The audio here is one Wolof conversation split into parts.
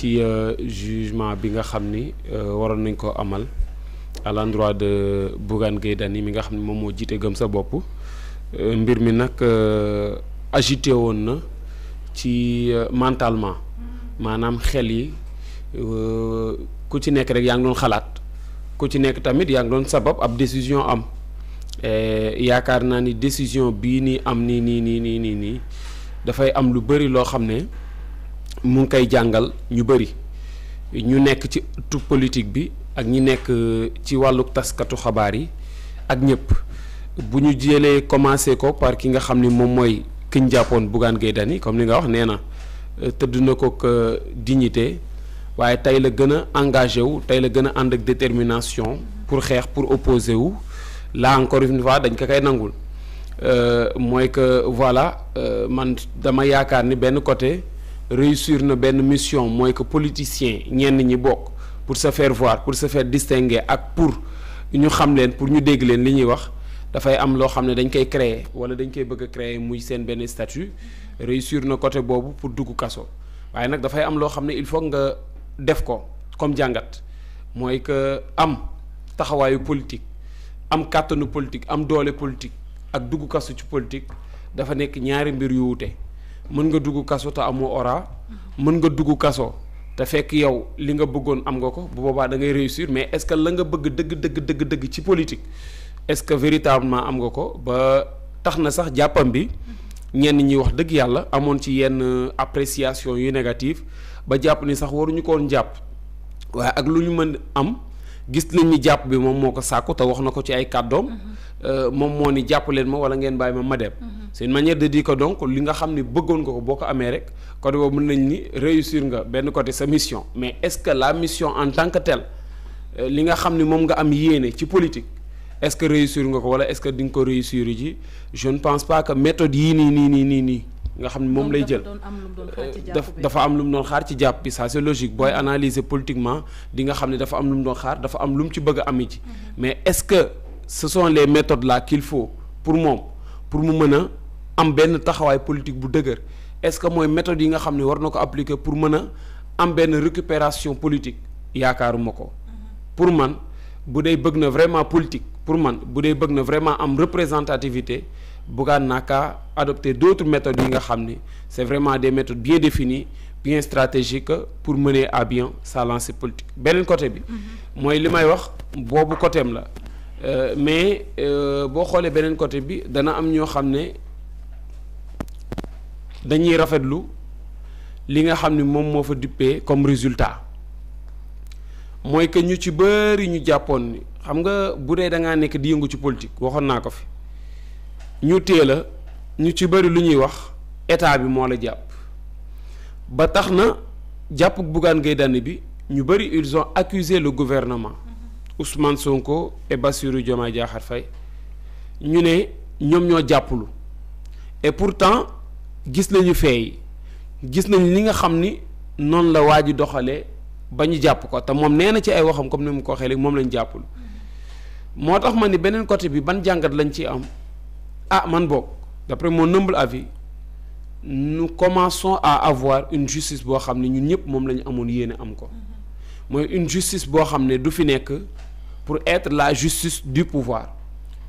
ci euh, jugement bi nga xam ni euh, waroon nañ ko amal à de Bougane Gueye Dany mi nga xam ne moom moo jiite gëm sa bopp euh, mbir mi nag agité woon na ci mantalement maanaam xel yi ku ci nekk rek yaa ngi doon xalaat ku ci nekk tamit yaa ngi doon sabab ab décision am yaakaar naa ni décision bii nii am nii nii nii nii nii nii dafay am lu bëri loo xam ne mu ngi koy jàngal ñu bëri ñu nekk ci ëttu politique bi ak ñi nekk euh, ci wàllu taskatu xabaar yi ak ñëpp bu ñu jëlee commencé ko par ki nga xam ni moom mooy kiñ jàppoon Bougane Gueye Dany comme li nga wax nee na euh, tëdd na ko euh, dignité waaye tey la gën a engagé wu tey la gën a ànd ak détermination pour xeex pour opposer wu là encore une dañ ko koy nangul mooy que voilà man dama yaakaar ni benn côté. réussir na benn mission mooy que politicien ñenn ñi bokk pour se faire voir pour se faire distinguer ak pour ñu xam leen pour ñu dégg leen li ñuy wax dafay am loo xam ne dañ koy créer wala dañ koy bëgg a créer muy seen benn statut réussir na côté boobu pour dugg kaso waaye nag dafay am loo xam ne il faut nga def ko comme jàngat mooy que am taxawaayu politique am kàttanu politique am doole politique ak dugg kaso ci politique dafa nekk ñaari mbir yu wuute. mën nga dugg kaso te amoo ora mën nga dugg kaso te fekk yow li nga bëggoon am nga ko bu boobaa da ngay réussir mais est-ce que la nga bëgg dëgg dëgg dëgg dëgg ci politique est-ce que véritablement am nga ko ba tax na sax jàppam bi ñenn ñi wax dëgg yàlla amoon ci yenn appréciation yu négative ba jàpp ni sax waruñu ko jàpp waaye ak lu ñu mën am gis nañ ni jàpp bi moom moo ko sàkku te wax na ko ci ay kàddoom mm-hmm. euh, moom moo ni jàpp leen ma walla ngeen bàyyi ma ma dem mm-hmm. seen une manière de dire que donc li nga xam ne bëggoon nga ko boo ko amee rek côté boobu mun nañ ni réussir nga benn côté sa mission mais est-ce que la mission en tant que telle euh, li nga xam ne moom nga am yéene ci politique est-ce que réussir nga ko wala est que di nga ko réussir ji je ne pense pas que méthode yii nii nii nii nii nga xam ne moom lay jël euh, dafa am lu mu doon xaar ci jàpp bi ça c'est logique booy analyser politiquement di nga xam ne dafa am lu mu doon xaar dafa am lu mu ci bëgg a ami mhm. mais est-ce que ce sont les méthodes là qu'il faut pour moom pour mu mën a am benn taxawaay politique bu dëgër est-ce que mooy méthode yi nga xam ne war na ko appliquer pour mën a am benn récupération politique yaakaaruma ko pour man bu dee bëgg na vraiment politique pour man bu dee bëgg na vraiment am représentativité Bougane n'a qu'à adopter d'autres méthodes yi nga xam ne c'est vraiment des méthodes bien définies bien stratégiques pour mener à bien sa lancée politique beneen côté bi mooy li may wax boobu côté la euh, mais euh, boo xoolee beneen côté bi dana am ñoo xam ne dañuy rafetlu li nga xam ni moom moo fa duppee comme résultat mooy que ñu ci bëri ñu jàppoon ni xam nga bu dee da ngaa nekk di yëngu ci politique waxoon naa ko fi ñu teel a ñu ci bëri lu ñuy wax état bi moo la jàpp ba tax na jàpp Bougane Gueye dann bi ñu bëri ils ont accusé le gouvernement Ousmane Sonko et Bassirou Diomaye Diakhar Faye ñu ne ñoom ñoo jàppalu et pourtant gis nañu feey gis nañu li nga xam ni noonu la waa ji doxalee ba ñu jàpp ko te moom nee na ci ay waxam comme ni mu ko waxee léegi moom lañ jàppul moo tax ma ni beneen côté bi ban jàngat lañ ci am ah man boog d'après mon humble avis nous commençons à avoir une justice boo xam ne ñun ñëpp moom la ñu amoon yéene am ko mm-hmm. mooy une justice boo xam ne du fi nekk pour être la justice du pouvoir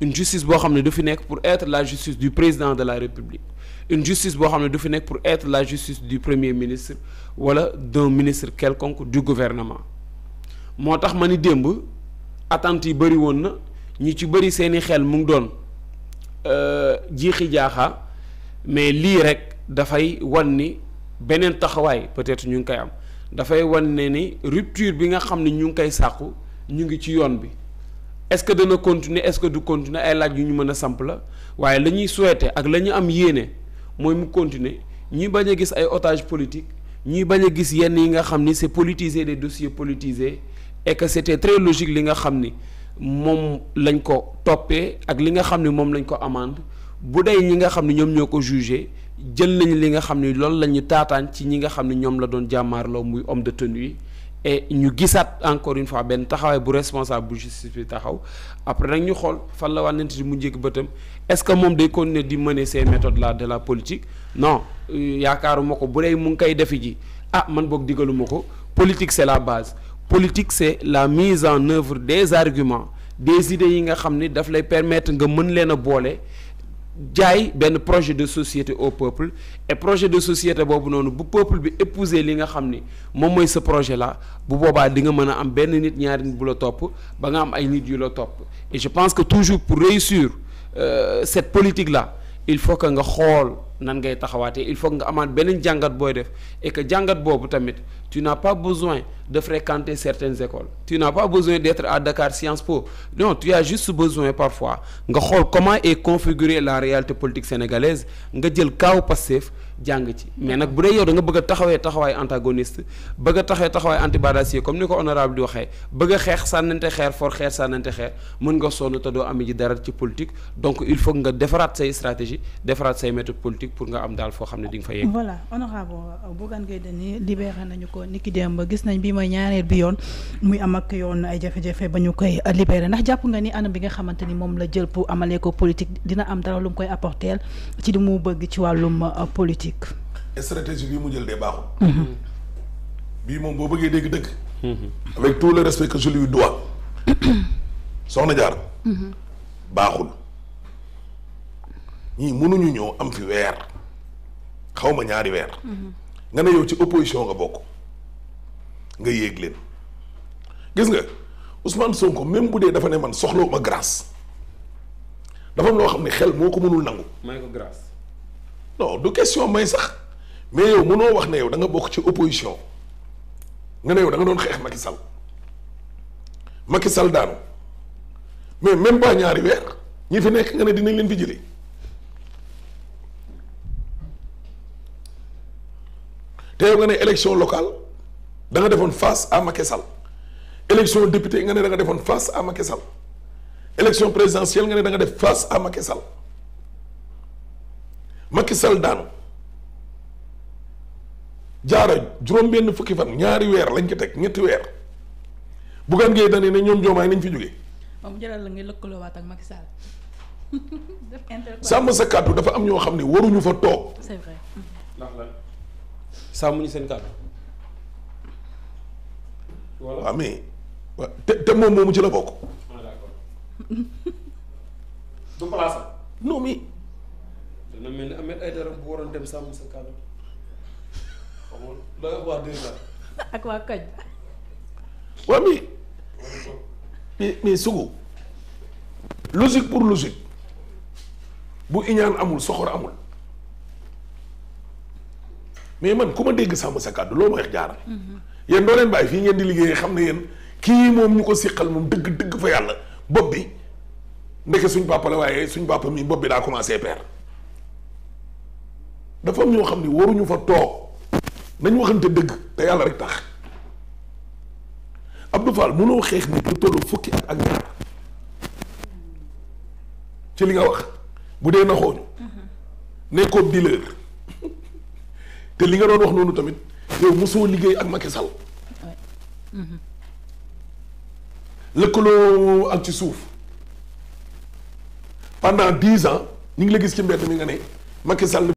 une justice boo xam ne du fi nekk pour être la justice du président de la république une justice boo xam ne du fi nekk pour être la justice du premier ministre wala d'un ministre quelconque du gouvernement moo tax ma ni démb attentes yi bëri woon na ñi ci bëri seeni xel mu ngi doon euh, jiixi jaaxa mais lii rek dafay wan ni beneen taxawaay peut-être ñu ngi koy am dafay wan ne ni rupture bi nga xam ne ñu ngi koy sàqu ñu ngi ci yoon bi est-ce que dana continuer est-ce que du continuer ay laaj yu ñu mën a samp la waaye la ñuy souhaiter ak la ñu am yéene mooy mu continuer ñuy bañ a gis ay otages politique ñuy bañ a gis yenn yi nga xam ni c'est politiser des dossiers politiser et que c'était très logique li nga xam ni moom lañ ko toppee ak li nga xam ni moom lañ ko amande bu dee ñi nga xam ni ñoom ñoo ko jugé jël nañ li nga xam ni loolu la ñu taataan ci ñi nga xam ni ñoom la doon jàmmaarloo muy homme de tenue et ñu gisaat encore une fois benn taxawaay bu responsable bu justice taxaw après nag ñu xool fan la wànnante di mu njëkk bëtam est-ce que moom day ne di mener ces méthodes là de la politique non yaakaaruma ko bu dee mu ngi koy defi ji ah man boog digaluma ko politique c'est la base politique c'est la mise en œuvre des arguments des idées yi nga xam ni daf lay permettre nga mën leen a boole jaay benn projet de société au peuple et projet de société boobu noonu bu peuple bi épouser li nga xam ni moom mooy sa projet la bu boobaa di nga mën a am benn nit ñaari nit bu la topp ba nga am ay nit yu la topp et je pense que toujours pour réussir euh, cette politique la il faut que nga xool nan ngay taxawaatee il faut nga amaan beneen jàngat booy def et que jàngat boobu tamit tu n'as pas besoin de fréquenter certaines écoles tu n'as pas besoin d'être à Dakar Sciences Po non tu as juste besoin parfois nga xool comment est configurée la réalité politique sénégalaise nga jël kaaw Pastef jàng ci mais nag bu dee yow da nga bëgg taxawee taxawaay antagoniste bëgg a taxawee taxawaay anti-badassier comme ni ko honorable di waxee bëgg a xeex sànnante xeer for xeer sànnante xeer mën nga sonn te doo amee ji dara ci politique donc il faut nga defaraat say stratégie defaraat say méthode pour nga am daal foo xam ne di nga fa yegg. voilà honorable euh, Bougane Gueye Dany libéré nañu ko niki démb gis nañ bi mooy ñaareel bi yoon muy am ak yoon ay jafe-jafe ba ñu koy euh, libéré ndax jàpp nga ni anam bi nga xamante ni moom la jël pour amalee ko politique dina am dara lu mu koy apporteel ci li mu bëgg ci wàllum euh, politique. stratégie bi mu jël dee baaxul. Mhm. bii moom boo bëggee dégg dëgg. Mhm. avec tout le respect que je lui dois. soxna mhm. baaxul. ñii mënuñu ñëw am fi weer xaw ma ñaari weer. nga ne yow ci opposition nga bokk nga yéeg leen gis nga Ousmane Sonko même bu dee dafa ne man soxlawu ma grâce dafa am loo xam ne xel moo ko mënul nangu. may ko grâce. du question may sax mais yow mënoo wax ne yow da nga bokk ci opposition nga ne yow da doon xeex Macky Sall Macky Sall daanu mais même pas ñaari weer ñi fi nekk nga ne dinañ leen fi jëlee. te nga ne élection locale danga nga defoon face à Macky Sall élection député nga ne danga nga defoon face à Macky Sall élection présidentielle nga ne danga def face à Macky Sall Macky Sall daanu jaara juróom-benn fukki fan ñaari weer lañ ko teg ñetti weer Bougane Gueye Dany ne ñoom joomaay nañ fi jógee. moom jëlal la ngay lëkkaloo waat ak Macky Sall. sàmm sa kàddu dafa am ñoo xam ne waruñu fa toog. c'est sàmmuñu seen kàddu. voilà waaw ci la bokk. du mel ni Ahmed Aïdara bu waroon dem sàmm sa kàddu waa Kañ. waaw mais mais mais pour logique bu iñaan amul soxor amul. mais man ku ma dégg sàmm sa kàddu loo ma wax jaara yéen doo leen bàyyi fii ngeen di liggéeyee xam ne yéen kii moom ñu ko siqal moom dëgg dëgg fa yàlla bopp bi ndeke suñ papa la waaye suñ papa mi bopp bi daa commencé peer dafa am ñoo xam ne waruñu fa toog nañ waxante yàlla rek tax Abdou Fall mënoo xeex nit lu tollu fukki at ak ñaar ci li nga wax bu dee naxooñu mm-hmm. nekkoo dealer te li nga doon wax noonu tamit yow mosoo liggéey ak Macky Sall lëkkaloo ak ci suuf pendant dix ans ñu ngi la gis ci mbedd mi nga ne Macky Sall